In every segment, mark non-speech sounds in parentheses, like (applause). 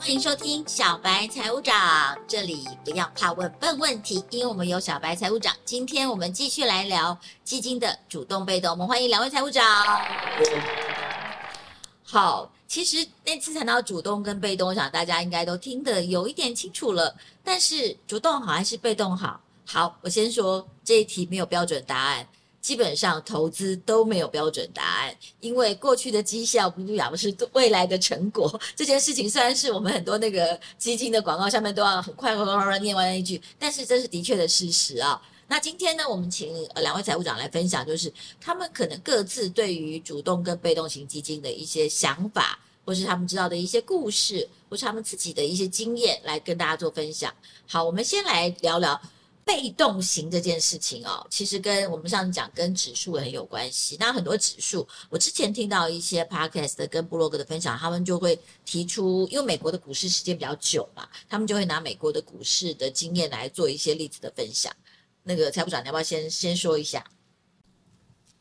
歡迎收聽小白財務長，這裡不要怕問笨問、問題，因為我們有小白財務長。今天我們繼續來聊基金的主動被動。我們歡迎兩位財務長。好，其實那次談到主動跟被動，我想大家應該都聽得有一點清楚了。但是主動好還是被動好？好，我先說這一題沒有標準答案。基本上投資都沒有標準答案，因為過去的績效不代表是未來的成果。這件事情雖然是我們很多那個基金的廣告上面都要很快活、快活念完一句，但是這是的確的事實啊。那今天呢，我們請兩位財務長來分享，就是他們可能各自對於主動跟被動型基金的一些想法，或是他們知道的一些故事，或是他們自己的一些經驗，來跟大家做分享。好，我們先來聊聊。被動型這件事情哦，其實跟我們上次講跟指數很有關係。那很多指數，我之前聽到一些 podcast 的跟布洛格的分享，他們就會提出，因為美國的股市時間比較久嘛，他們就會拿美國的股市的經驗來做一些例子的分享。那個財務長，你要不要先先說一下？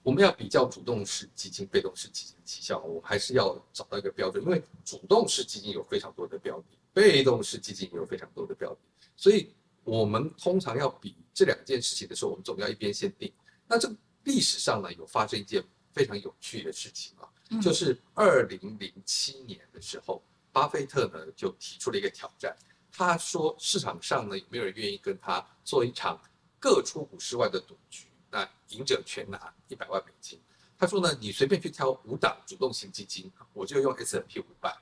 我們要比較主動式基金、被動式基金的績效，我們還是要找到一個標準，因為主動式基金有非常多的標的，被動式基金有非常多的標的，所以。我們通常要比這兩件事情的時候，我們總要一邊先定。那這歷史上呢，有發生一件非常有趣的事情啊，就是二零零七年的時候，巴菲特呢就提出了一個挑戰，他說市場上呢有沒有人願意跟他做一場各出五十萬的賭局？那贏者全拿一百萬美金。他說呢，你隨便去挑五檔主動型基金，我就用 S and P 五百，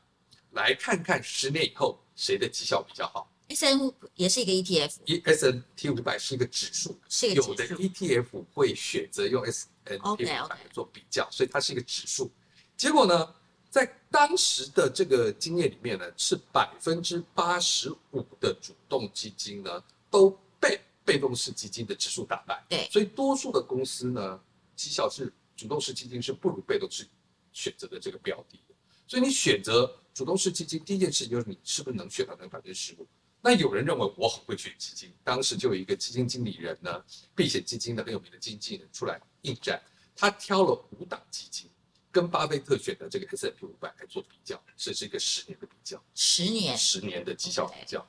來看看十年以後誰的績效比較好。S N 也是一個 E T F，E S N P 五百是一個指數，是一個指數。有的 E T F 會選擇用 S N P 五百來做比較，所以它是一個指數。結果呢，在當時的這個經驗裡面呢是85，是百分之八十五的主動基金呢都被被動式基金的指數打敗。對，所以多數的公司呢，績效是主動式基金是不如被動式選擇的這個標的。所以你選擇主動式基金，第一件事就是你是不是能選到那個百分之十五？那有人認為我很會選基金，當時就有一個基金經理人呢，避險基金的很有名的經紀人出來應戰，他挑了五檔基金，跟巴菲特選的這個 S&P 五百來做比較，這是一個十年的比較，十年十年的績效比較，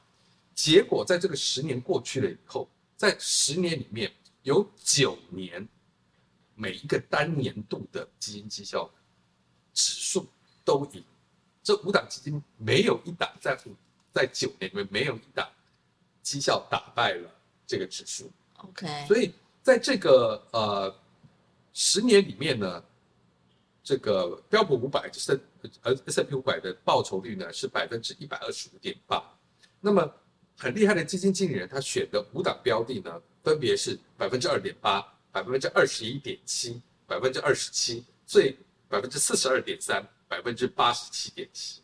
結果在這個十年過去了以後，在十年裡面有九年，每一個單年度的基金績效指數都贏，這五檔基金沒有一檔在乎在九年裡面，沒有一檔績效打敗了這個指數。OK，所以在這個呃十年裡面呢，這個標普五百，就是 S&P 五百的報酬率呢是百分之一百二十五點八。那麼很厲害的基金經理人，他選的五檔標的呢，分別是百分之二點八、百分之二十一點七、百分之二十七、所以百分之四十二點三、百分之八十七點七。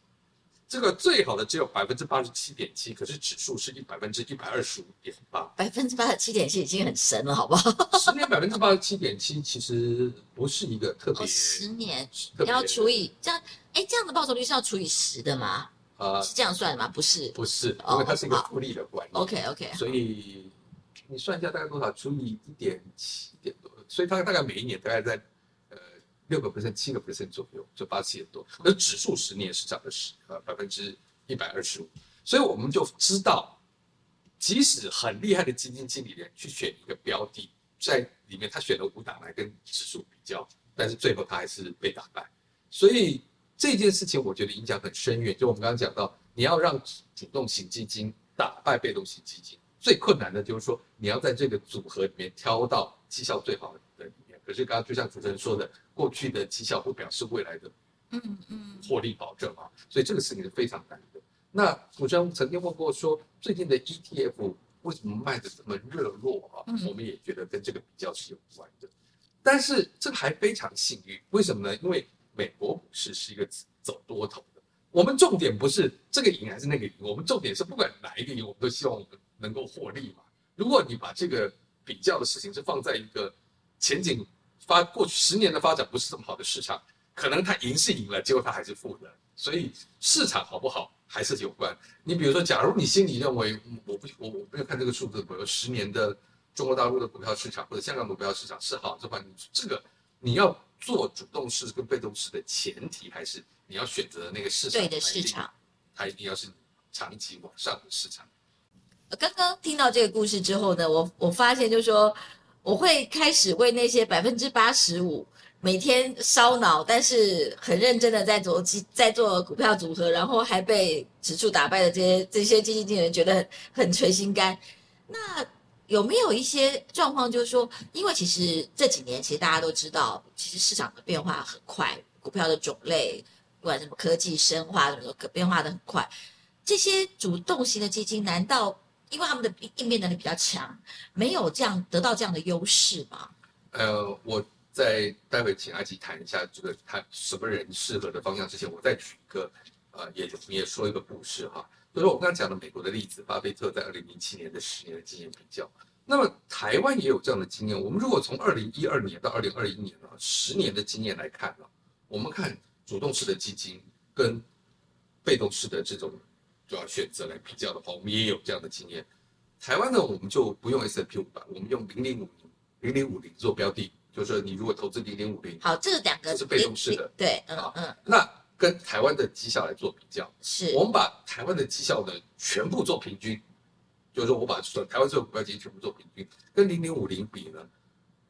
這個最好的只有百分之八十七點七，可是指數是一百分之一百二十五點八。百分之八十七點七已經很神了，好不好？十年百分之八十七點七其實不是一個特別、哦。十年你要除以這樣，哎，這樣的報酬率是要除以十的嗎？啊、呃，是這樣算的嗎？不是，不是，因為它是一個複利的管理、哦哦。OK OK，所以你算一下大概多少，除以一點七點多，所以它大概每一年大概在。六個 percent 七個 percent 左右就，就八十七點多。那指數十年是漲了十，呃，百分之一百二十五。所以我們就知道，即使很厲害的基金經理人去選一個標的在裡面，他選了五檔來跟指數比較，但是最後他還是被打敗。所以這件事情我覺得影響很深遠。就我們剛剛講到，你要讓主動型基金打敗被動型基金，最困難的就是說，你要在這個組合裡面挑到績效最好的人。可是剛剛就像主持人說的，過去的績效不表示未來的獲利保證啊，所以這個事情是非常難的。那主持人曾經問過說，最近的 ETF 為什麼賣的這麼熱絡啊？我們也覺得跟這個比較是有關的。但是這還非常幸運，為什麼呢？因為美國股市是一個走多頭的。我們重點不是這個贏還是那個贏，我們重點是不管哪一個贏，我們都希望我們能夠獲利嘛。如果你把這個比較的事情是放在一個前景，發過去十年的發展不是這麼好的市場，可能他贏是贏了，結果他還是負的，所以市場好不好還是有關。你比如說，假如你心裡認為我不我我沒有看這個數字，比如十年的中國大陸的股票市場或者香港股票市場是好的話，你這個你要做主動式跟被動式的前提，還是你要選擇那個市場對的市場，它一,一定要是長期往上的市場。剛剛聽到這個故事之後呢，我我發現就是說。我會開始為那些百分之八十五每天燒腦，但是很認真的在做在做股票組合，然後還被指數打敗的這些這些基金經理人覺得很捶心肝。那有沒有一些狀況，就是說，因為其實這幾年其實大家都知道，其實市場的變化很快，股票的種類，不管什麼科技、生化，什麼都可變化的很快，這些主動型的基金難道因為他們的應變能力比較強，沒有這樣得到這樣的優勢嘛？呃，我在待會請阿吉談一下這個他什麼人適合的方向之前，我再舉一個呃，也你也說一個故事哈、啊。就是我剛才講的美國的例子，巴菲特在二零零七年的十年的經驗比較。那麼台灣也有這樣的經驗，我們如果從二零一二年到二零二一年啊十年的經驗來看呢、啊，我們看主動式的基金跟被動式的這種。主要選擇來比較的話，我們也有這樣的經驗。台灣呢，我們就不用 S&P 500，我們用零零五零零零五零做標的，就是說你如果投資零零五零，好，這兩個是被動式的，對，嗯嗯。那跟台灣的績效來做比較，是，我們把台灣的績效呢全部做平均，就是說我把所台灣所有股票基金全部做平均，跟零零五零比呢，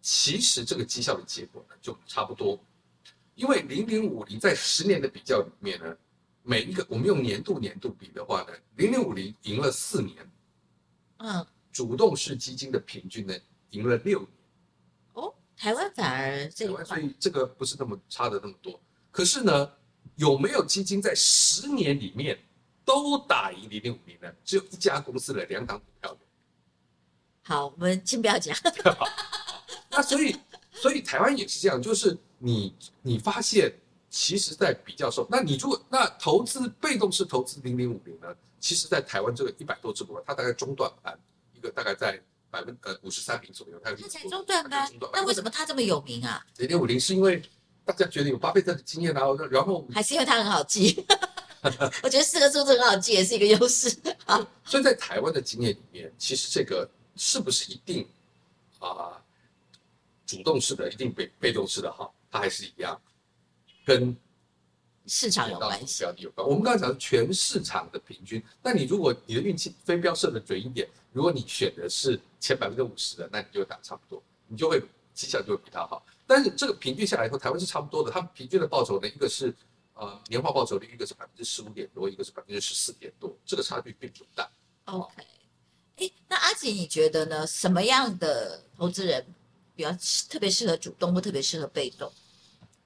其實這個績效的結果呢就差不多，因為零零五零在十年的比較裡面呢。每一個我們用年度年度比的話呢，零零五零贏了四年，嗯，主動式基金的平均呢贏了六年，哦，台灣反而這個所以這個不是那麼差的那麼多，可是呢有沒有基金在十年裡面都打贏零零五零呢？只有一家公司的兩檔股票，好，我們先不要講，那所以所以台灣也是這樣，就是你你發現。其實，在比較少。那你如果那投資被動式投資零零五零呢？其實，在台灣這個一百多隻股票，它大概中段班一個大概在百分呃五十三名左右。它才中段吧。那為什麼它這麼有名啊？零零五零是因為大家覺得有巴菲特的經驗、啊，然後然後還是因為它很好記， (laughs) (laughs) 我覺得四個數字很好記也是一個優勢。所以，在台灣的經驗裡面，其實這個是不是一定啊主動式的一定比被，被動式的好？它還是一樣跟市場有關係，標的有關。我們剛才講全市場的平均，但你如果你的運氣飛鏢射的準一點，如果你選的是前百分之五十的，那你就會打差不多，你就會績效就會比他好。但是這個平均下來以後，台灣是差不多的。他們平均的報酬呢，一個是呃年化報酬率，一個是百分之十五點多，一個是百分之十四點多，這個差距並不大 okay。OK，哎，那阿吉你覺得呢？什麼樣的投資人比較特別適合主動，或特別適合被動？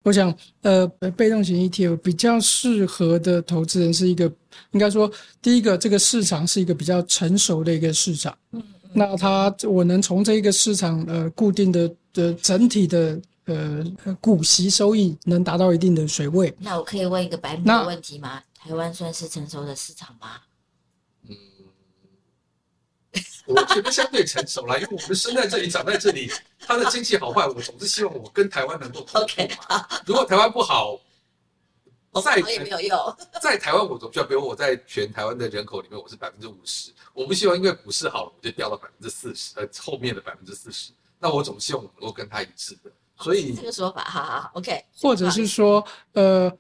我想，呃，被動型 ETF 比較適合的投資人是一個，應該說第一個，這個市場是一個比較成熟的一個市場。嗯，嗯那它他、嗯、我能從這一個市場，呃，固定的的整體的呃股息收益能達到一定的水位。那我可以問一個白目的問題嗎？那台灣算是成熟的市場嗎？ (laughs) 我覺得相對成熟了，因為我們生在這裡， (laughs) 長在這裡，它的經濟好壞， (laughs) 我總是希望我跟台灣能夠同步嘛。 (laughs) okay, 好如果台灣不好，再也沒有用，在台灣我總需要，比如我在全台灣的人口裡面，我是百分之五十， (laughs) 我不希望因為股市好了，我就掉到百分之四十，而、呃、後面的百分之四十，那我總希望我能夠跟他一致的。所以、 (laughs) 哦、這個說法，哈哈，OK，或者是說，呃。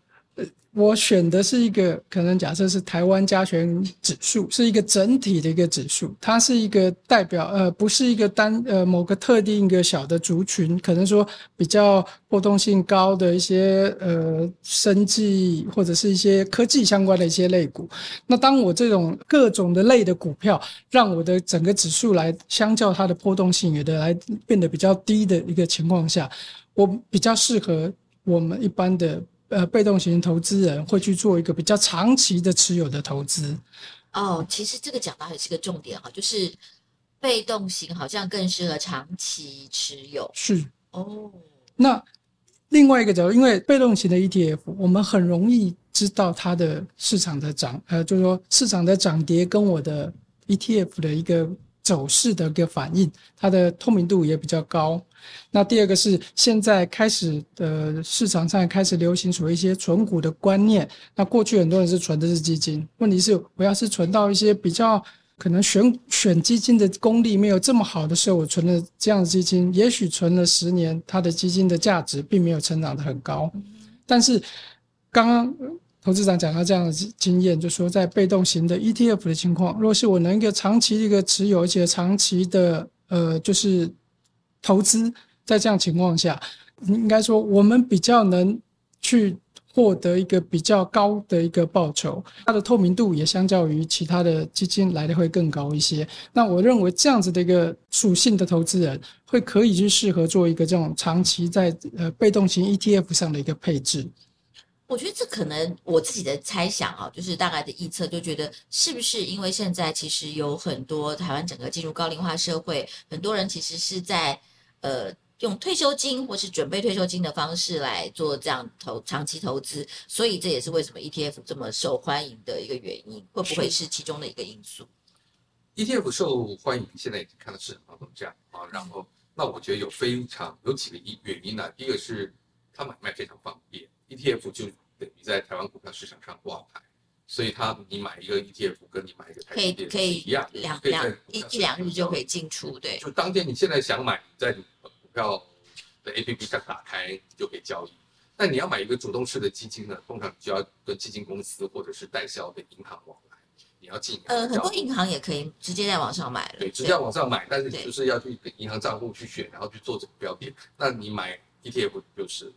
我選的是一個，可能假設是台灣加權指數，是一個整體的一個指數，它是一個代表，呃，不是一個單，呃，某個特定一個小的族群，可能說比較波動性高的一些，呃，生技或者是一些科技相關的一些類股。那當我這種各種的類的股票，讓我的整個指數來相較它的波動性，有的來變得比較低的一個情況下，我比較適合我們一般的。呃，被動型投資人會去做一個比較長期的持有的投資。哦，其實這個講到也是個重點哈，就是被動型好像更適合長期持有。是哦，那另外一個角度，因為被動型的 ETF，我們很容易知道它的市場的漲，呃，就是說市場的漲跌跟我的 ETF 的一個。走勢的一個反應，它的透明度也比較高。那第二個是現在開始的市場上開始流行所謂一些存股的觀念。那過去很多人是存的是基金，問題是我要是存到一些比較可能選選基金的功力沒有這麼好的時候，我存了這樣的基金，也許存了十年，它的基金的價值並沒有成長得很高。但是剛剛。投資長講到這樣的經驗，就說在被動型的 ETF 的情況，如果是我能夠長期一個持有，而且長期的呃就是投資，在這樣情況下，應該說我們比較能去獲得一個比較高的一個報酬，它的透明度也相較於其他的基金來的會更高一些。那我認為這樣子的一個屬性的投資人，會可以去適合做一個這種長期在呃被動型 ETF 上的一個配置。我覺得這可能我自己的猜想啊，就是大概的預測，就覺得是不是因為現在其實有很多台灣整個進入高齡化社會，很多人其實是在呃用退休金或是準備退休金的方式來做這樣投長期投資，所以這也是為什麼 ETF 這麼受歡迎的一個原因，會不會是其中的一個因素？ETF 受歡迎，現在已經看到市場行情這樣啊，然後，然後那我覺得有非常有幾個原因呢，第一個是它買賣非常方便。ETF 就等於在台灣股票市場上掛牌，所以它你買一個 ETF 跟你買一個台幣一樣，兩一一兩日就會進出，對。就當天你現在想買，在股票的 APP 上打開你就可以交易。但你要買一個主動式的基金呢，通常你就要跟基金公司或者是代銷的銀行往來，你要進。呃，很多銀行也可以直接在網上買了。對，直接在網上買，但是你就是要去銀行賬戶去選，然後去做這個標的。那你買 ETF 就是。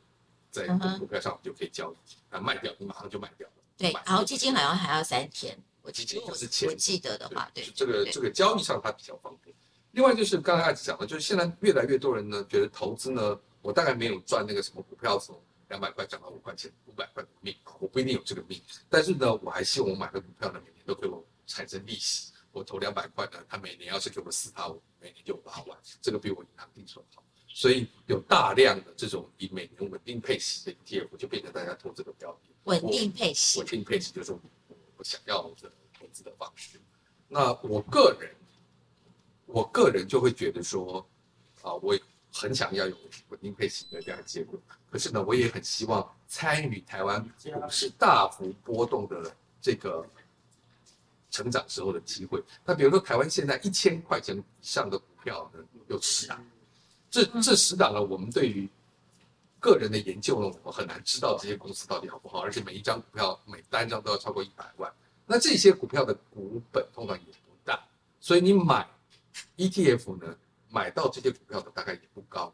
在股票上，就可以交易，啊、嗯哼，賣掉，你馬上就賣掉了。對，然後基金好像還要三天，我基金我是我，我記得的話，對，這個對這個交易上它比較方便。另外就是剛才講的，就是現在越來越多人呢，覺得投資呢，我大概沒有賺那個什麼股票從兩百塊漲到五塊錢、五百塊的命，我不一定有這個命。但是呢，我還希望我買個股票呢，每年都給我產生利息，我投兩百塊呢，它、啊、每年要是給我四塊五，每年就八萬，這個比我銀行定存好。所以有大量的這種以每年穩定配息的業務，就變成大家投這個標的。穩定配息，穩定配息就是我想要的投資的方式。那我個人，我個人就會覺得說，啊，我也很想要有穩定配息的這樣的結果。可是呢，我也很希望參與台灣股市大幅波動的這個成長時候的機會。那比如說台灣現在一千塊錢以上的股票呢，有十檔？這這十檔呢，我們對於個人的研究呢，我們很難知道這些公司到底好不好，而且每一張股票每單張都要超過一百萬，那這些股票的股本通常也不大，所以你買 ETF 呢，買到這些股票的大概也不高，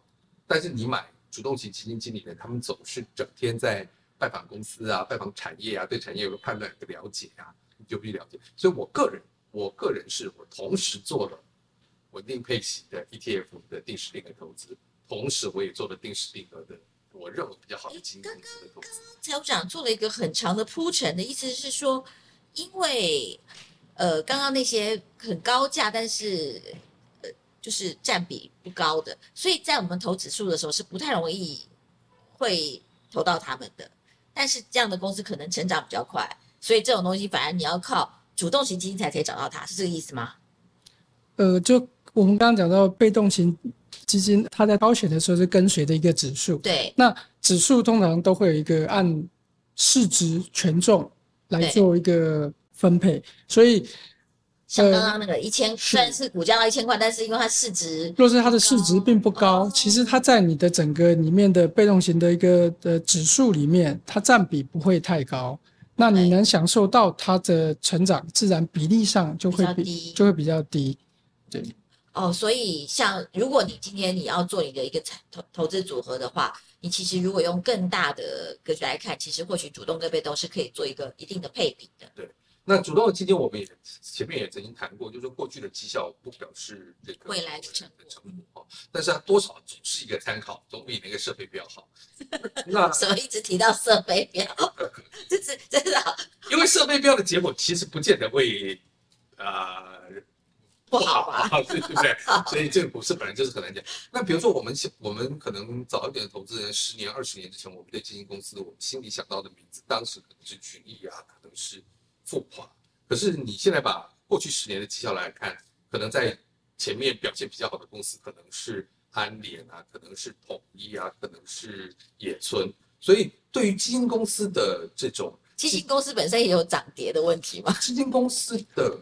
但是你買主動型基金經理呢，他們總是整天在拜訪公司啊，拜訪產業啊，對產業有個判斷有個了解啊，你就必須了解，所以我個人，我個人是我同時做了。穩定配息的 ETF 的定時定額投資，同時我也做了定時定額的我認為比較好的基金公司的投資。剛剛財務長做了一個很長的鋪陳的意思是說，因為呃剛剛那些很高價但是呃就是占比不高的，所以在我們投指數的時候是不太容易會投到他們的。但是這樣的公司可能成長比較快，所以這種東西反而你要靠主動型基金才可以找到它是這個意思嗎？呃就。我們剛剛講到被動型基金，它在挑選的時候是跟隨的一個指數。對。那指數通常都會有一個按市值權重來做一個分配，對所以像剛剛那個一千，呃、是雖然是股價到一千塊，但是因為它市值，若是它的市值並不高，嗯、其實它在你的整個裡面的被動型的一個的指數裡面，它占比不會太高。那你能享受到它的成長，對自然比例上就會比，比就會比較低。對。哦，所以像如果你今天你要做你的一個投投資組合的話，你其實如果用更大的格局來看，其實或許主動的被動都是可以做一個一定的配比的。對，那主動的基金我們也前面也曾經談過，就是過去的績效不表示這個未來的成成果，但是它多少只是一個參考，總比那個射飛鏢較好。 (laughs) 那怎麼一直提到射飛鏢？這是真的，因為射飛鏢的結果其實不見得會，呃不好啊， (laughs) 對,對不對？所以這個股市本來就是很難講。那比如說我們，想，我們可能早一點的投資人，十年、二十年之前，我們對基金公司的，我們心裡想到的名字，當時可能是群益啊，可能是復華。可是你現在把過去十年的績效來看，可能在前面表現比較好的公司，可能是安聯啊，可能是統一啊，可能是野村。所以對於基金公司的這種，基金公司本身也有漲跌的問題嗎？基金公司的。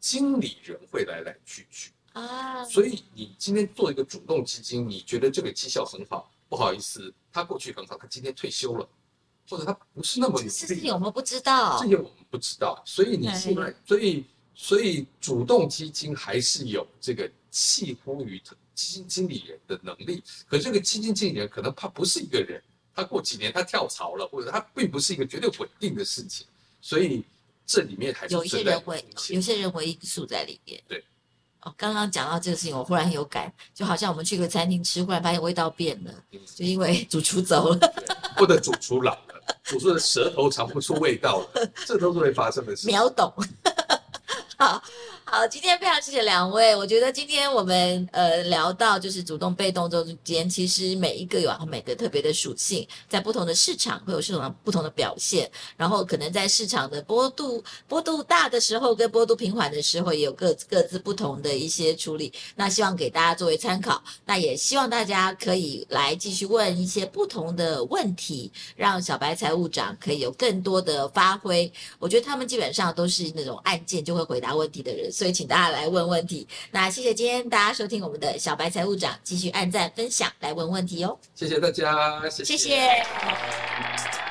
經理人會來來去去啊，所以你今天做一個主動基金，你覺得這個績效很好，不好意思，他過去很好，他今天退休了，或者他不是那麼，這，有這些我們不知道，這些我們不知道，所以你現在，對所以所以主動基金還是有這個繫乎於基金經理人的能力，可這個基金經理人可能他不是一個人，他過幾年他跳槽了，或者他並不是一個絕對穩定的事情，所以。這裡面還是有，有一些人為，有一些人為因素在裡面。對，哦，剛剛講到這個事情，我忽然有感，就好像我們去個餐廳吃，忽然發現味道變了，就因為主廚走了，不得主廚老了， (laughs) 主廚的舌頭嘗不出味道了， (laughs) 這都是會發生的事。秒瞄懂， (laughs) 好。好，今天非常謝謝兩位。我覺得今天我們呃聊到就是主動被動中間，其實每一個有每個特別的屬性，在不同的市場會有市場不同的表現，然後可能在市場的波動波動大的時候，跟波動平緩的時候，也有各各自不同的一些處理。那希望給大家作為參考，那也希望大家可以來繼續問一些不同的問題，讓小白財務長可以有更多的發揮。我覺得他們基本上都是那種按鍵就會回答問題的人。所以請大家來問問題。那謝謝今天大家收聽我們的小白財務長，繼續按讚分享來問問題哦。謝謝大家，謝謝。謝謝。